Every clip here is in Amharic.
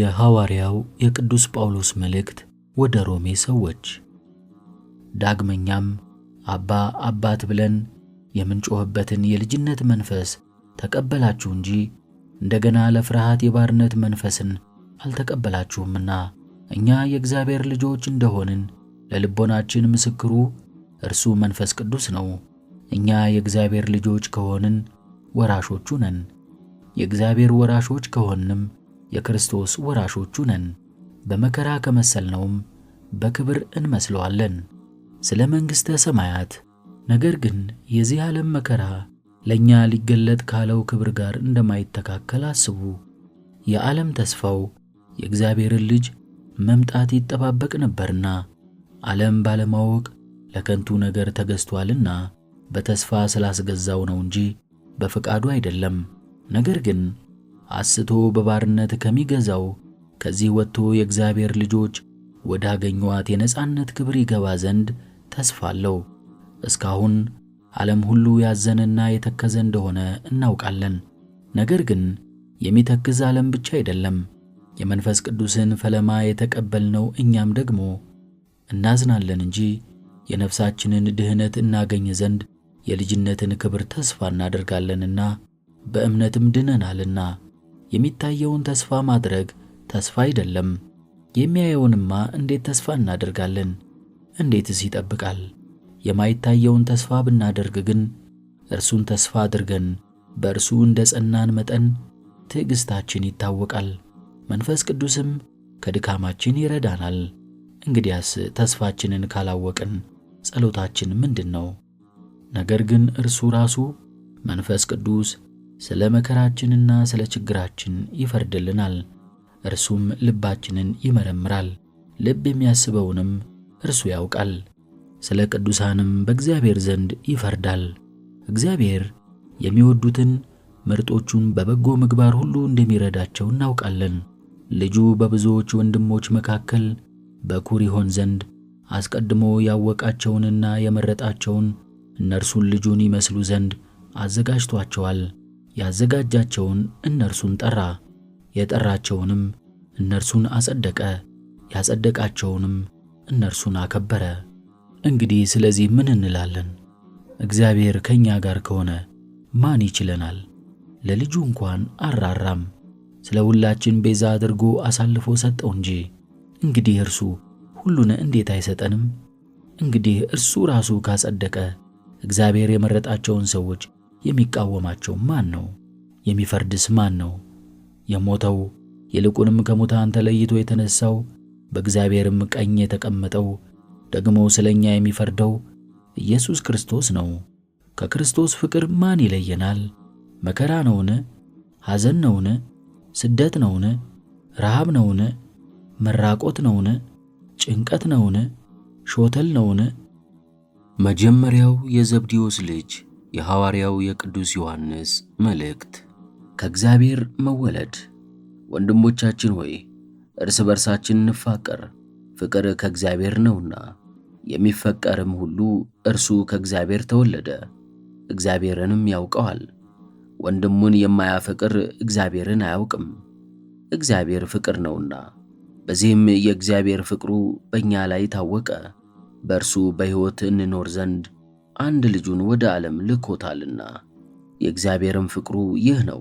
የሐዋርያው የቅዱስ ጳውሎስ መልእክት ወደ ሮሜ ሰዎች። ዳግመኛም አባ አባት ብለን የምንጮህበትን የልጅነት መንፈስ ተቀበላችሁ እንጂ እንደገና ለፍርሃት የባርነት መንፈስን አልተቀበላችሁምና እኛ የእግዚአብሔር ልጆች እንደሆንን ለልቦናችን ምስክሩ እርሱ መንፈስ ቅዱስ ነው። እኛ የእግዚአብሔር ልጆች ከሆንን ወራሾቹ ነን። የእግዚአብሔር ወራሾች ከሆንንም የክርስቶስ ወራሾቹ ነን። በመከራ ከመሰልነውም በክብር እንመስለዋለን። ስለ መንግሥተ ሰማያት ነገር ግን የዚህ ዓለም መከራ ለእኛ ሊገለጥ ካለው ክብር ጋር እንደማይተካከል አስቡ። የዓለም ተስፋው የእግዚአብሔርን ልጅ መምጣት ይጠባበቅ ነበርና ዓለም ባለማወቅ ለከንቱ ነገር ተገዝቷልና በተስፋ ስላስገዛው ነው እንጂ በፈቃዱ አይደለም። ነገር ግን አስቶ በባርነት ከሚገዛው ከዚህ ወጥቶ የእግዚአብሔር ልጆች ወደ አገኟት የነጻነት ክብር ይገባ ዘንድ ተስፋ አለው። እስካሁን ዓለም ሁሉ ያዘነና የተከዘ እንደሆነ እናውቃለን። ነገር ግን የሚተክዝ ዓለም ብቻ አይደለም። የመንፈስ ቅዱስን ፈለማ የተቀበልነው እኛም ደግሞ እናዝናለን እንጂ የነፍሳችንን ድህነት እናገኝ ዘንድ የልጅነትን ክብር ተስፋ እናደርጋለንና በእምነትም ድነናልና የሚታየውን ተስፋ ማድረግ ተስፋ አይደለም። የሚያየውንማ እንዴት ተስፋ እናደርጋለን? እንዴትስ ይጠብቃል? የማይታየውን ተስፋ ብናደርግ ግን እርሱን ተስፋ አድርገን በእርሱ እንደ ጸናን መጠን ትዕግሥታችን ይታወቃል። መንፈስ ቅዱስም ከድካማችን ይረዳናል። እንግዲያስ ተስፋችንን ካላወቅን ጸሎታችን ምንድን ነው? ነገር ግን እርሱ ራሱ መንፈስ ቅዱስ ስለ መከራችንና ስለ ችግራችን ይፈርድልናል። እርሱም ልባችንን ይመረምራል፣ ልብ የሚያስበውንም እርሱ ያውቃል። ስለ ቅዱሳንም በእግዚአብሔር ዘንድ ይፈርዳል። እግዚአብሔር የሚወዱትን ምርጦቹን በበጎ ምግባር ሁሉ እንደሚረዳቸው እናውቃለን። ልጁ በብዙዎች ወንድሞች መካከል በኩር ይሆን ዘንድ አስቀድሞ ያወቃቸውንና የመረጣቸውን እነርሱን ልጁን ይመስሉ ዘንድ አዘጋጅቷቸዋል። ያዘጋጃቸውን እነርሱን ጠራ፣ የጠራቸውንም እነርሱን አጸደቀ፣ ያጸደቃቸውንም እነርሱን አከበረ። እንግዲህ ስለዚህ ምን እንላለን? እግዚአብሔር ከእኛ ጋር ከሆነ ማን ይችለናል? ለልጁ እንኳን አራራም፣ ስለ ሁላችን ቤዛ አድርጎ አሳልፎ ሰጠው እንጂ። እንግዲህ እርሱ ሁሉን እንዴት አይሰጠንም? እንግዲህ እርሱ ራሱ ካጸደቀ እግዚአብሔር የመረጣቸውን ሰዎች የሚቃወማቸው ማን ነው? የሚፈርድስ ማን ነው? የሞተው ይልቁንም ከሙታን ተለይቶ የተነሳው በእግዚአብሔርም ቀኝ የተቀመጠው ደግሞ ስለ እኛ የሚፈርደው ኢየሱስ ክርስቶስ ነው። ከክርስቶስ ፍቅር ማን ይለየናል? መከራ ነውን? ሐዘን ነውን? ስደት ነውን? ረሃብ ነውን? መራቆት ነውን? ጭንቀት ነውን? ሾተል ነውን? መጀመሪያው የዘብዴዎስ ልጅ የሐዋርያው የቅዱስ ዮሐንስ መልእክት ከእግዚአብሔር መወለድ። ወንድሞቻችን ሆይ እርስ በርሳችን እንፋቀር፣ ፍቅር ከእግዚአብሔር ነውና፣ የሚፈቀርም ሁሉ እርሱ ከእግዚአብሔር ተወለደ፣ እግዚአብሔርንም ያውቀዋል። ወንድሙን የማያፈቅር እግዚአብሔርን አያውቅም፣ እግዚአብሔር ፍቅር ነውና። በዚህም የእግዚአብሔር ፍቅሩ በእኛ ላይ ታወቀ፣ በእርሱ በሕይወት እንኖር ዘንድ አንድ ልጁን ወደ ዓለም ልኮታልና የእግዚአብሔርም ፍቅሩ ይህ ነው፣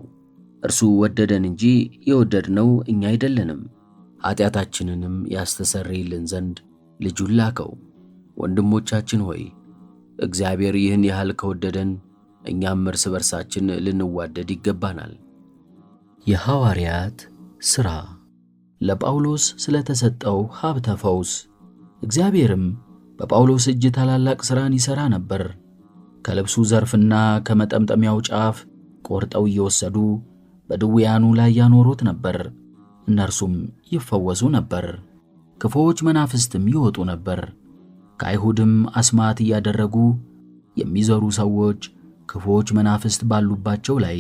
እርሱ ወደደን እንጂ የወደድነው እኛ አይደለንም፣ ኃጢአታችንንም ያስተሰርይልን ዘንድ ልጁን ላከው። ወንድሞቻችን ሆይ እግዚአብሔር ይህን ያህል ከወደደን እኛም እርስ በርሳችን ልንዋደድ ይገባናል። የሐዋርያት ሥራ ለጳውሎስ ስለተሰጠው ሀብተ ፈውስ እግዚአብሔርም በጳውሎስ እጅ ታላላቅ ሥራን ይሠራ ነበር። ከልብሱ ዘርፍና ከመጠምጠሚያው ጫፍ ቆርጠው እየወሰዱ በድውያኑ ላይ ያኖሩት ነበር። እነርሱም ይፈወሱ ነበር። ክፉዎች መናፍስትም ይወጡ ነበር። ከአይሁድም አስማት እያደረጉ የሚዘሩ ሰዎች ክፉዎች መናፍስት ባሉባቸው ላይ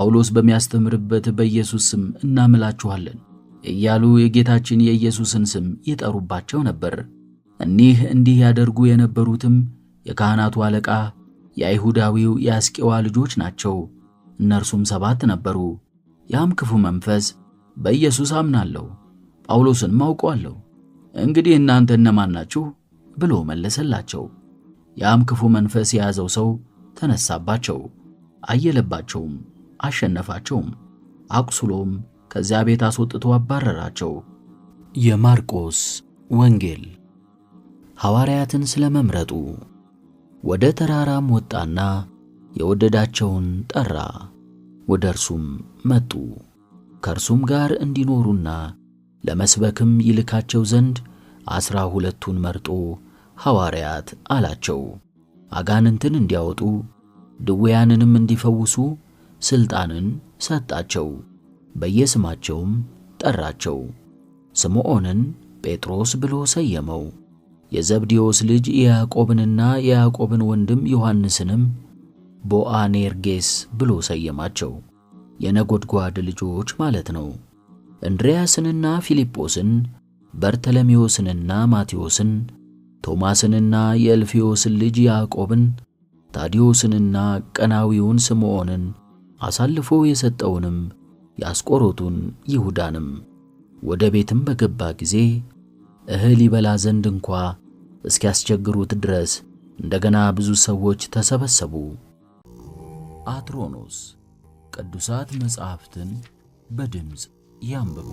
ጳውሎስ በሚያስተምርበት በኢየሱስ ስም እናምላችኋለን እያሉ የጌታችን የኢየሱስን ስም ይጠሩባቸው ነበር። እኒህ እንዲህ ያደርጉ የነበሩትም የካህናቱ አለቃ የአይሁዳዊው የአስቄዋ ልጆች ናቸው። እነርሱም ሰባት ነበሩ። ያም ክፉ መንፈስ በኢየሱስ አምናለሁ፣ ጳውሎስንም አውቀዋለሁ፣ እንግዲህ እናንተ እነማን ናችሁ ብሎ መለሰላቸው። ያም ክፉ መንፈስ የያዘው ሰው ተነሳባቸው፣ አየለባቸውም፣ አሸነፋቸውም፣ አቁስሎም ከዚያ ቤት አስወጥቶ አባረራቸው። የማርቆስ ወንጌል ሐዋርያትን ስለ መምረጡ ወደ ተራራም ወጣና የወደዳቸውን ጠራ፣ ወደ እርሱም መጡ። ከእርሱም ጋር እንዲኖሩና ለመስበክም ይልካቸው ዘንድ ዐሥራ ሁለቱን መርጦ ሐዋርያት አላቸው። አጋንንትን እንዲያወጡ ድውያንንም እንዲፈውሱ ሥልጣንን ሰጣቸው። በየስማቸውም ጠራቸው። ስምዖንን ጴጥሮስ ብሎ ሰየመው። የዘብዴዎስ ልጅ የያዕቆብንና የያዕቆብን ወንድም ዮሐንስንም ቦአኔርጌስ ብሎ ሰየማቸው። የነጎድጓድ ልጆች ማለት ነው። እንድርያስንና ፊልጶስን፣ በርተለሜዎስንና ማቴዎስን፣ ቶማስንና የእልፌዎስን ልጅ ያዕቆብን፣ ታዲዮስንና ቀናዊውን ስምዖንን አሳልፎ የሰጠውንም ያስቆሮቱን ይሁዳንም ወደ ቤትም በገባ ጊዜ እህል ይበላ ዘንድ እንኳ እስኪያስቸግሩት ድረስ እንደገና ብዙ ሰዎች ተሰበሰቡ። አትሮኖስ ቅዱሳት መጻሕፍትን በድምፅ ያንብቡ።